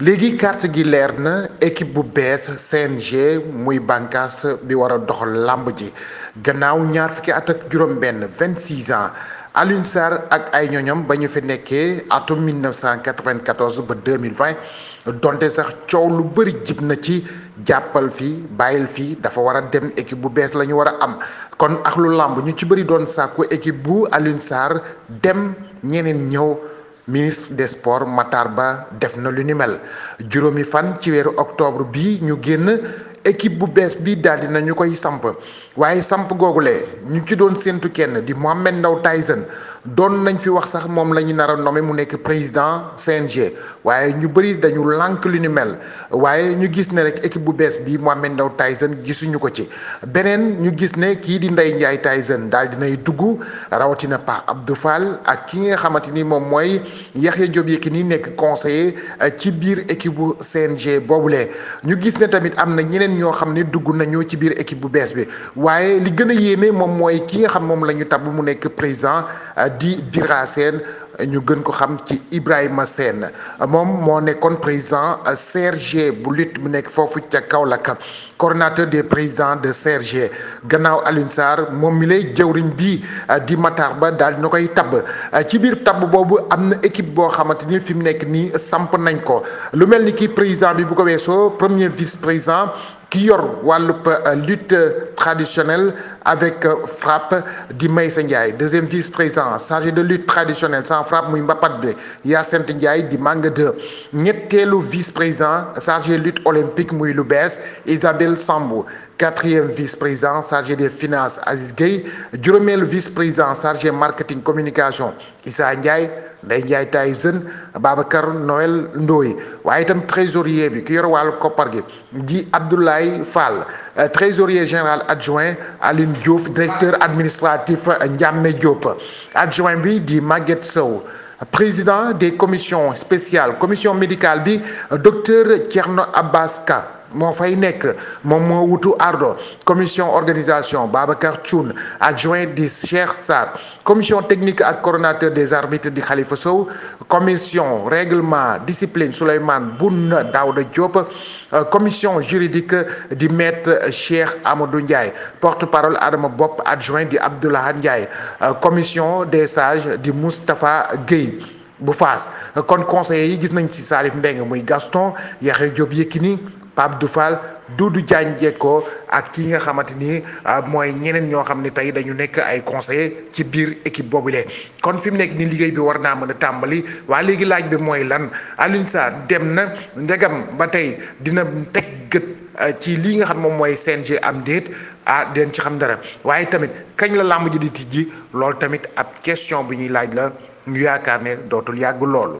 léegi carte gi leer na équipe bu bees CNG muy bànkaas bi war a doxal làmb ji gannaaw ñaar fukki at ak juróom-benn 26 ans Alioune Sarr ak ay ñoñom ba ñu fi nekkee atum 1994 ba 2020 donte sax coow lu bëri jib na ci jàppal fii bàyyil fii dafa war a dem équipe bu bees la ñu war a am kon ak làmb ñu ci bëri doon sàkku équipe bu Alioune Sarr dem ñeneen ñëw. ministre des sports Matar Ba def na lu ni mel juróomi fan ci weeru octobre bi ñu génn équipe bu bees bi daldi di nañu koy samp waaye samp googule ñu ci doon séntu kenn di Mohamed ndaw Tyson doon nañ fi wax sax moom la ñu nar a nommé mu nekk président CNG waaye ñu bëri dañu lànk lu ni mel waaye ñu gis ne rek équipe bu bees bi Mohamed ndaw Tyson gisuñu ko ci beneen ñu gis ne kii di Ndeye Ndiaye Tyson daal nay dugg rawatina Pa Abdou Fall ak ki nga xamante ni moom mooy Yaxya Diop Yékini nekk conseiller euh, ci biir équipe bu CNG boobule ñu gis ne tamit am na ñeneen ñoo xam ne dugg nañu ci biir équipe bu bees bi waaye li gën a yéeme moom mooy ki nga xam moom la ñu tabb mu nekk président euh, di Bira ñu gën ko xam ci Ibrahima Sène moom moo nekkoon président CRG bu lutte mu nekk foofu ca Kaolack cordinateur des président de CRG gannaaw Alioune Sarr moom mi lay jëwriñ bii euh, di Matar Ba daal dina koy tabb euh, ci biir tabb boobu am na équipe boo xamante ni fi mu nekk nii samp nañ ko lu mel ni kii président bi bu ko weesoo premier vice président ki yor wàllub euh, lutte. traditionnelle avec euh, frappe di sa Ndiaye deuxième vice-président chargé de lutte traditionnelle sans frappe muy Mbapat de Yacine Ndiaye di Manga 2 ñetteelu vice-président chargé lutte olympique muy lu bees Isabelle Sambou quatrième vice-président chargé des finances Aziz Gueye juróomeelu vice-président chargé marketing communication Issa Ndiaye Ndeye Ndiaye Tyson Babacar Noël Ndoye waaye itam trésorier bi ki yor wàllu koppar gi di Abdoulaye Fall euh, trésorier adjoint Aline Diouf directeur administratif Ndiamé Diop adjoint bi di Maguette Sow président des commissions spéciales commission médicale bi docteur Thierno Abbas Ka moo fay nekk moom moo wutu ardo commission organisation Babacar Thioune adjoint di Cheikh Sarr commission technique ak coordonnateur des arbitres di Khalifa Sow commission règlement discipline Souleymane Boun Daouda Diop euh, commission juridique di maître Cheikh Amadou Ndiaye porte-parole Adama Bopp adjoint di Abdoulaye Ndiaye euh, commission des sages di Moustapha Guèye bu Fass kon conseillers yi gis nañ ci Salif Mbengue muy Gaston Yaxya Diop Yékini Pape Dufal Doudou Diagne Diecko ak ki nga xamante ni ah, mooy ñeneen ñoo xam ne tey dañu nekk ay conseil ci biir équipe boobu lee kon fi mu nekk ni liggéey bi war naa mën a tàmbali waa léegi laaj bi mooy lan Alioune Sarr dem na ndegam ba tey dina teg gët ah, ci li nga xam moom mooy CNG am déet ah den ci xam dara waaye tamit kañ la làmb ji di tijji loolu tamit ab question bu ñuy laaj la ñu yaakaar ne dootul yàgg loolu.